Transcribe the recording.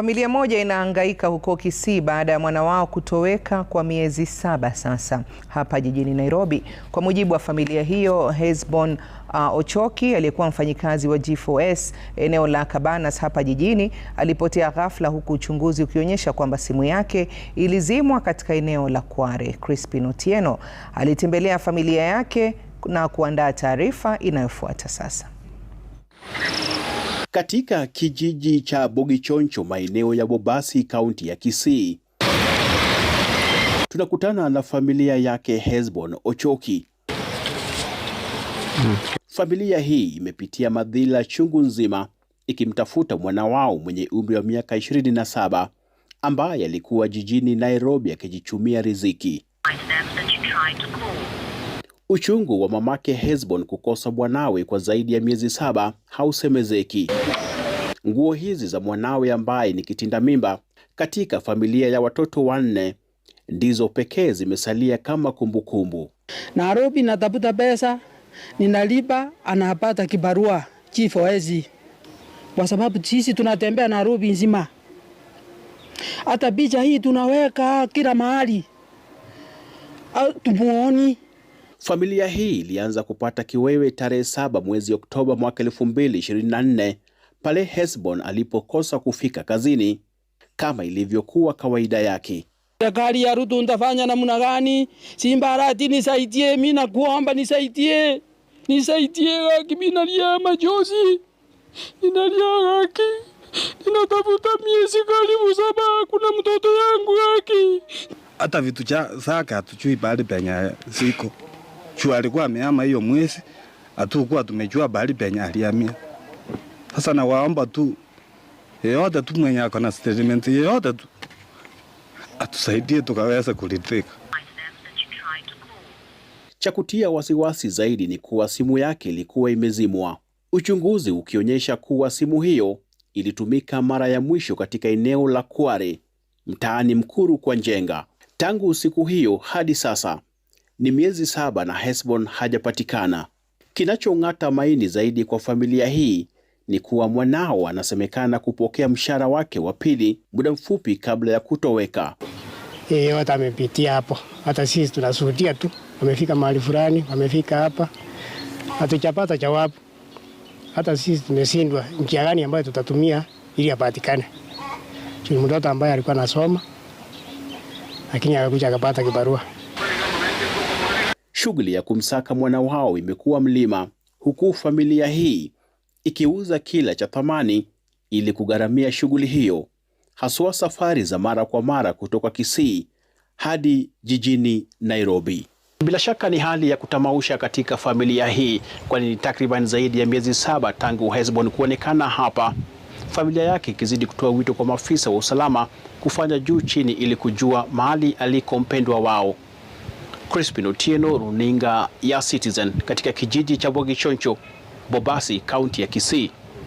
Familia moja inahangaika huko Kisii baada ya mwana wao kutoweka kwa miezi saba sasa hapa jijini Nairobi. Kwa mujibu wa familia hiyo, Hesbon uh, Ochoki aliyekuwa mfanyikazi wa G4S eneo la Cabanas hapa jijini alipotea ghafla, huku uchunguzi ukionyesha kwamba simu yake ilizimwa katika eneo la Kware. Crispin Otieno alitembelea familia yake na kuandaa taarifa inayofuata sasa katika kijiji cha Bogichoncho maeneo ya Bobasi kaunti ya Kisii. Tunakutana na familia yake Hesbon Ochoki. Hmm. Familia hii imepitia madhila chungu nzima ikimtafuta mwana wao mwenye umri wa miaka 27 ambaye alikuwa jijini Nairobi akijichumia riziki. Uchungu wa mamake Hesbon kukosa mwanawe kwa zaidi ya miezi saba hausemezeki. Nguo hizi za mwanawe ambaye ni kitinda mimba katika familia ya watoto wanne ndizo pekee zimesalia kama kumbukumbu. Nairobi natafuta pesa, ninalipa, anapata kibarua chifoezi kwa sababu sisi tunatembea Nairobi nzima, hata picha hii tunaweka kila mahali, tumuoni Familia hii ilianza kupata kiwewe tarehe saba mwezi Oktoba mwaka nne pale Hesbon alipokosa kufika kazini kama ilivyokuwa kawaida yake. Serikali ya Ruto ndafanya namna gani? simbarati nisaitie nisaidie, mimi nakuomba nisaidie. Nisaidie haki, mi nalia machozi. Ninalia haki. Ninatafuta miezi karibu saba, kuna mtoto yangu haki. Hata vitu cha saka hatuchui bali penye siko juu alikuwa ameama hiyo mwezi, atukuwa tumejua bali penye aliamia. Sasa nawaomba tu yeyote tu mwenye ako na statement yeyote tu atusaidie tukaweza kuliteka. Cha kutia wasiwasi zaidi ni kuwa simu yake ilikuwa imezimwa, uchunguzi ukionyesha kuwa simu hiyo ilitumika mara ya mwisho katika eneo la Kware mtaani Mkuru kwa Njenga tangu siku hiyo hadi sasa ni miezi saba na Hesbon hajapatikana. Kinachong'ata maini zaidi kwa familia hii ni kuwa mwanao anasemekana kupokea mshahara wake wa pili muda mfupi kabla ya kutoweka. Yote eh, amepitia hapo, hata sisi tunashuhudia tu, wamefika mahali fulani, wamefika hapa, hatuchapata jawabu. Hata sisi tumeshindwa njia gani ambayo tutatumia ili apatikane. Ni mtoto ambaye alikuwa anasoma, lakini akakuja akapata kibarua. Shughuli ya kumsaka mwana wao imekuwa mlima, huku familia hii ikiuza kila cha thamani ili kugharamia shughuli hiyo, haswa safari za mara kwa mara kutoka Kisii hadi jijini Nairobi. Bila shaka ni hali ya kutamausha katika familia hii, kwani ni takriban zaidi ya miezi saba tangu Hesbon kuonekana hapa, familia yake ikizidi kutoa wito kwa maafisa wa usalama kufanya juu chini ili kujua mahali aliko mpendwa wao. Crispin Otieno, runinga ya Citizen katika kijiji cha Bogichoncho, Bobasi, kaunti ya Kisii.